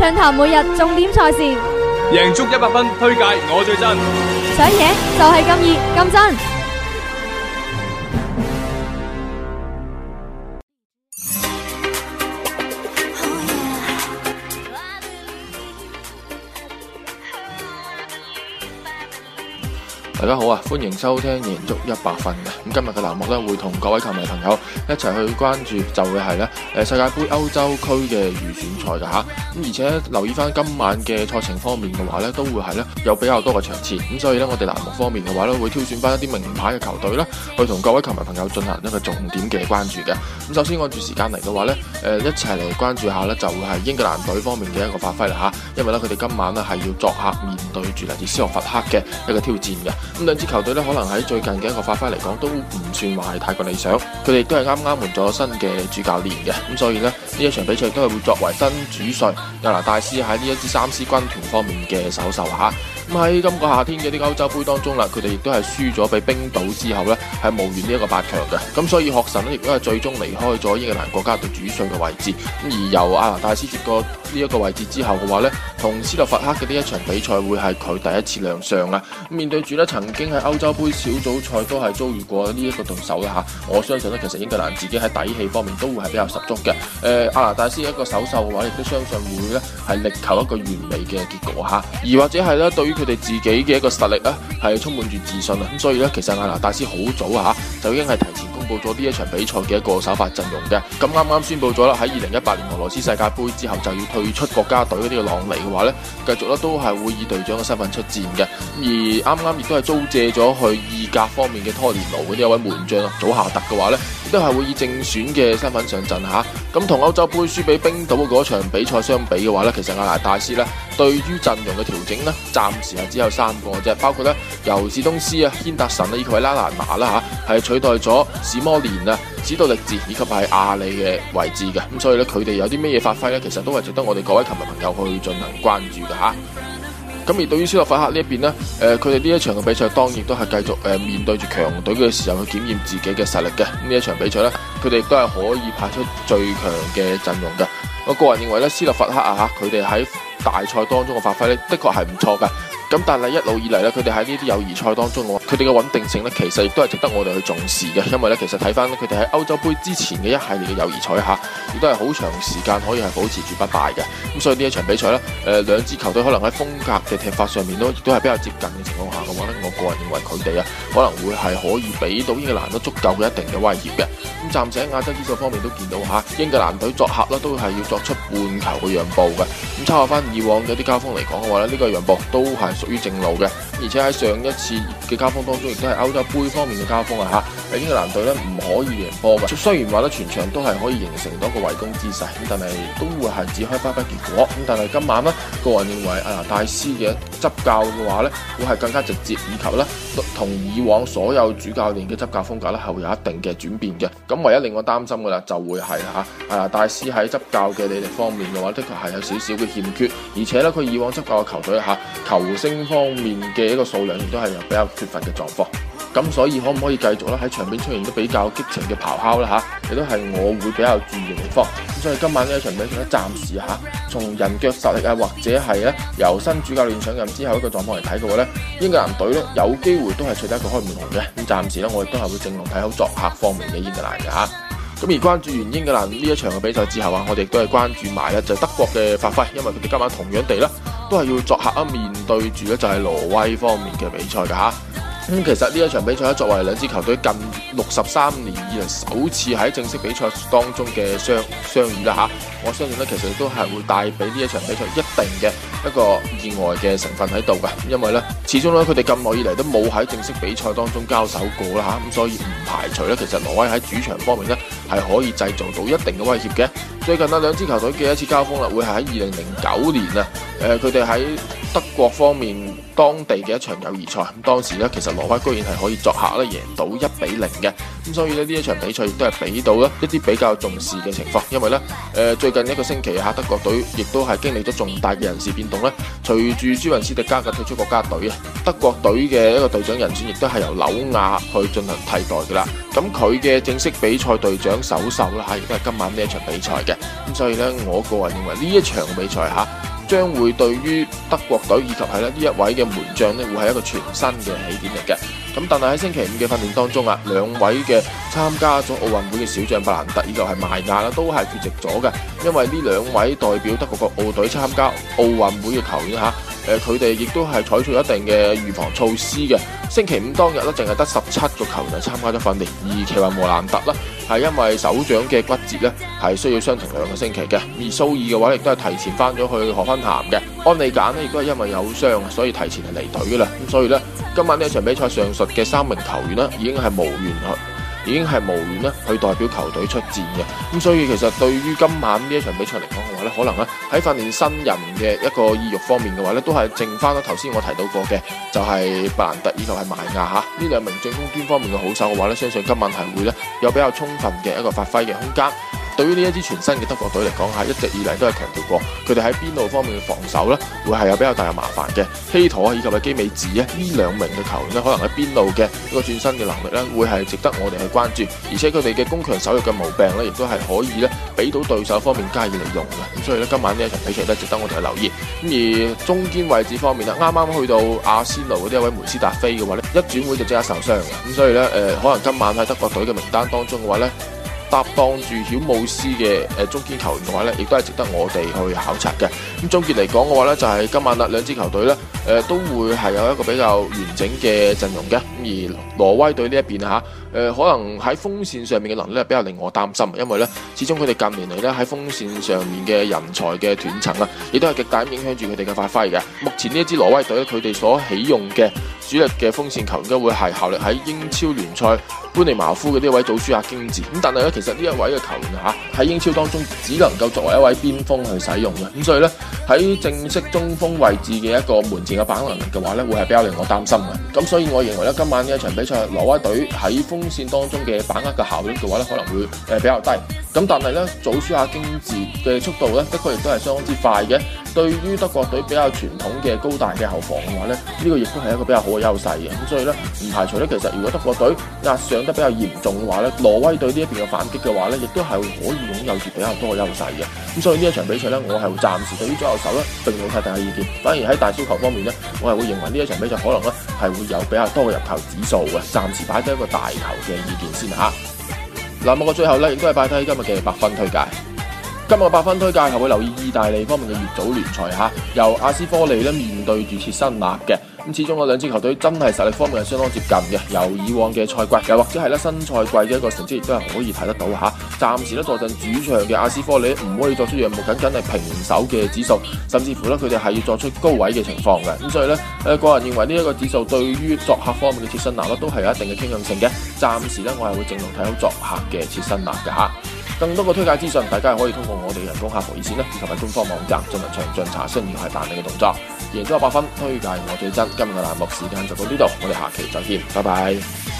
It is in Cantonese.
暢談每日重點賽事，贏足一百分推介，我最真，想贏就係咁易咁真。大家好啊，歡迎收聽贏足一百分嘅。咁今日嘅欄目咧，會同各位球迷朋友一齊去關注，就會係咧誒世界杯歐洲區嘅預選賽嘅吓。咁而且留意翻今晚嘅賽程方面嘅話咧，都會係咧有比較多嘅場次。咁所以咧，我哋欄目方面嘅話咧，會挑選翻一啲名牌嘅球隊啦，去同各位球迷朋友進行一個重點嘅關注嘅。咁首先按住時間嚟嘅話咧，誒一齊嚟關注下咧，就會係英格蘭隊方面嘅一個發揮啦吓。因為咧佢哋今晚咧係要作客面對住嚟自斯洛伐克嘅一個挑戰嘅。咁兩支球隊咧，可能喺最近嘅一個發揮嚟講，都唔算話係太過理想。佢哋都係啱啱換咗新嘅主教練嘅，咁所以呢，呢一場比賽都係會作為新主帥，尤拿戴斯喺呢一支三獅軍團方面嘅首秀嚇。喺今個夏天嘅啲歐洲盃當中啦，佢哋亦都係輸咗俾冰島之後呢，係無緣呢一個八強嘅。咁所以，霍神咧亦都係最終離開咗英格蘭國家隊主帥嘅位置，而由阿拿戴斯接過呢一個位置之後嘅話呢，同斯洛伐克嘅呢一場比賽會係佢第一次亮相啊！面對住呢曾經喺歐洲盃小組賽都係遭遇過呢一個對手啦吓，我相信呢，其實英格蘭自己喺底氣方面都會係比較十足嘅。誒、呃，阿納戴斯一個首秀嘅話，亦都相信會呢係力求一個完美嘅結果吓，而或者係咧對。佢哋自己嘅一個實力咧，係充滿住自信啊！咁所以咧，其實亞拿大斯好早吓就已經係提前公布咗呢一場比賽嘅一個首發陣容嘅。咁啱啱宣布咗啦，喺二零一八年俄羅斯世界杯之後就要退出國家隊嗰啲朗尼嘅話咧，繼續咧都係會以隊長嘅身份出戰嘅。而啱啱亦都係租借咗去意甲方面嘅拖連奴嗰啲一位門將啊，祖夏特嘅話咧，都係會以正選嘅身份上陣吓，咁同歐洲杯輸俾冰島嗰場比賽相比嘅話咧，其實阿拿大斯咧對於陣容嘅調整咧，暫時係只有三個啫，包括咧由史東斯啊、軒達臣啊、以及係拉拿拿啦吓，係、啊、取代咗史摩連啊、史杜力治以及係阿里嘅位置嘅，咁所以咧佢哋有啲咩嘢發揮咧，其實都係值得我哋各位球迷朋友去進行關注嘅吓。啊咁而對於斯洛伐克呢一邊呢，呃、佢哋呢一場嘅比賽，當然都係繼續、呃、面對住強隊嘅時候去檢驗自己嘅實力嘅。呢一場比賽呢，佢哋都係可以派出最強嘅陣容嘅。我個人認為呢，斯洛伐克啊嚇佢哋喺大賽當中嘅發揮呢，的確係唔錯嘅。咁但係一路以嚟咧，佢哋喺呢啲友誼賽當中，我佢哋嘅穩定性咧，其實亦都係值得我哋去重視嘅。因為咧，其實睇翻佢哋喺歐洲杯之前嘅一系列嘅友誼賽吓，亦都係好長時間可以係保持住不敗嘅。咁所以呢一場比賽咧，誒，兩支球隊可能喺風格嘅踢法上面都亦都係比較接近嘅情況下嘅話咧，我個人認為佢哋啊，可能會係可以俾到英格蘭都足夠嘅一定嘅威脅嘅。咁暫時喺亞洲呢個方面都見到吓，英格蘭隊作客都係要作出半球嘅讓步嘅。咁參考翻以往嘅啲交鋒嚟講嘅話呢，呢個讓步都係屬於正路嘅，而且喺上一次嘅交鋒當中，亦都係歐洲杯方面嘅交鋒啊嚇。呢個籃隊咧唔可以贏波嘅，雖然話咧全場都係可以形成到一個圍攻姿勢，咁但係都會係只開花不結果。咁但係今晚呢，個人認為拿大師嘅執教嘅話呢，會係更加直接，以及呢同以往所有主教練嘅執教風格呢，係會有一定嘅轉變嘅。咁唯一令我擔心嘅啦，就會係吓拿大師喺執教嘅履歷方面嘅話，的確係有少少嘅欠缺，而且呢，佢以往執教嘅球隊吓球星方面嘅一個數量，亦都係有比較缺乏嘅狀況。咁所以可唔可以繼續咧喺場邊出現都比較激情嘅咆哮啦吓，亦都係我會比較注意嘅地方。咁所以今晚呢一場比賽咧，暫時吓從人腳實力啊，或者係咧由新主教練上任之後一個狀況嚟睇嘅話咧，英格蘭隊咧有機會都係取得一個開門紅嘅。咁暫時咧我亦都係會正論睇好作客方面嘅英格蘭嘅吓。咁而關注完英格蘭呢一場嘅比賽之後啊，我哋亦都係關注埋咧就係德國嘅發揮，因為佢哋今晚同樣地咧都係要作客啊面對住咧就係挪威方面嘅比賽嘅吓。咁其實呢一場比賽，作為兩支球隊近六十三年以嚟首次喺正式比賽當中嘅相遇，我相信呢，其實都係會帶俾呢一場比賽一定嘅一個意外嘅成分喺度嘅，因為呢始終呢，佢哋咁耐以嚟都冇喺正式比賽當中交手過啦嚇，咁、啊、所以唔排除呢，其實挪威喺主場方面呢係可以製造到一定嘅威脅嘅。最近呢兩支球隊嘅一次交鋒啦，會係喺二零零九年啊，誒佢哋喺德國方面當地嘅一場友誼賽、嗯，當時呢，其實挪威居然係可以作客呢贏到一比零嘅。咁所以呢，呢一場比賽亦都係俾到咧一啲比較重視嘅情況，因為咧誒、呃、最近一個星期吓，德國隊亦都係經歷咗重大嘅人事變動啦。隨住朱雲斯迪加嘅退出國家隊啊，德國隊嘅一個隊長人選亦都係由紐亞去進行替代㗎啦。咁佢嘅正式比賽隊長首秀啦嚇，亦都係今晚呢一場比賽嘅。咁所以咧，我個人認為呢一場比賽吓，將會對於德國隊以及係呢一位嘅門將咧，會係一個全新嘅起點嚟嘅。咁但係喺星期五嘅訓練當中啊，兩位嘅參加咗奧運會嘅小將伯蘭特以及係邁亞啦，都係缺席咗嘅，因為呢兩位代表德國國奧隊參加奧運會嘅球員吓，誒佢哋亦都係採取一定嘅預防措施嘅。星期五當日咧，淨係得十七個球員參加咗訓練，而其雲伯蘭特啦。係因為手掌嘅骨折呢，係需要傷停兩個星期嘅。而蘇爾嘅話，亦都係提前返咗去霍芬海姆嘅。安利簡咧，亦都係因為有傷，所以提前係離隊噶啦。咁所以呢，今晚呢一場比賽，上述嘅三名球員呢已經係無緣去已經係無緣咧，去代表球隊出戰嘅。咁所以其實對於今晚呢一場比賽嚟講嘅話呢，可能咧喺訓練新人嘅一個意欲方面嘅話呢，都係剩翻咗頭先我提到過嘅，就係伯蘭特以及係邁亞吓呢兩名進攻端方面嘅好手嘅話呢，相信今晚係會呢有比較充分嘅一個發揮嘅空間。對於呢一支全新嘅德國隊嚟講，吓一直以嚟都係強調過，佢哋喺邊路方面嘅防守咧，會係有比較大嘅麻煩嘅。希陀以及嘅基美治啊，呢兩名嘅球員咧，可能喺邊路嘅呢個轉身嘅能力咧，會係值得我哋去關注。而且佢哋嘅攻強守弱嘅毛病咧，亦都係可以咧俾到對手方面加以利用嘅。咁所以咧，今晚呢一場比賽咧，值得我哋去留意。咁而中間位置方面咧，啱啱去到阿仙奴嗰啲一位梅斯達菲嘅話咧，一轉會就即刻受傷嘅。咁所以咧，誒、呃，可能今晚喺德國隊嘅名單當中嘅話咧。搭檔住曉姆斯嘅中堅球員嘅話咧，亦都係值得我哋去考察嘅。咁總結嚟講嘅話咧，就係、是、今晚啦，兩支球隊咧、呃、都會係有一個比較完整嘅陣容嘅。而挪威隊呢一邊啊、呃、可能喺鋒線上面嘅能力比較令我擔心，因為咧始終佢哋近年嚟咧喺鋒線上面嘅人才嘅斷層呢亦都係極大影響住佢哋嘅發揮嘅。目前呢一支挪威隊佢哋所起用嘅主力嘅鋒線球員都會係效力喺英超聯賽。般尼茅夫的這位祖舒亞經治，但係呢，其實呢一位嘅球員在喺英超當中只能夠作為一位邊鋒去使用嘅，咁所以呢，喺正式中鋒位置嘅一個門前嘅把握能力嘅話咧，會係比較令我擔心嘅。咁所以，我認為呢今晚呢一場比賽，挪威隊喺鋒線當中嘅把握嘅效率嘅話呢，可能會比較低。咁但係呢，祖舒亞經治嘅速度咧，的確亦都係相當之快嘅。對於德國隊比較傳統嘅高大嘅後防嘅話咧，呢、這個亦都係一個比較好嘅優勢嘅。咁所以呢，唔排除呢，其實如果德國隊壓上得比較嚴重嘅話咧，挪威隊呢一邊嘅反擊嘅話咧，亦都係可以擁有住比較多嘅優勢嘅。咁所以呢一場比賽咧，我係暫時對於左右手咧，並冇太大嘅意見。反而喺大小球方面咧，我係會認為呢一場比賽可能咧係會有比較多嘅入球指數嘅。暫時擺低一個大球嘅意見先吓。嗱，咁我最後咧亦都係擺低今日嘅百分推介。今日八分推介，我會留意意大利方面嘅乙組聯賽吓，由阿斯科利咧面對住切身拿嘅。咁始終嗰兩支球隊真係實力方面係相當接近嘅，由以往嘅賽季，又或者係咧新賽季嘅一個成績亦都係可以睇得到吓。暫時咧坐陣主場嘅阿斯科利唔可以作出讓步，僅僅係平手嘅指數，甚至乎咧佢哋係要作出高位嘅情況嘅。咁所以咧，誒個人認為呢一個指數對於作客方面嘅切身拿咧都係有一定嘅傾向性嘅。暫時咧我係會正常睇好作客嘅切身拿嘅吓。更多嘅推介資訊，大家係可以通過我哋嘅人工客服熱線咧，以及埋官方網站進行詳盡查詢，而係彈你嘅動作，贏咗一百分推介我最真。今日嘅欄目時間就到呢度，我哋下期再見，拜拜。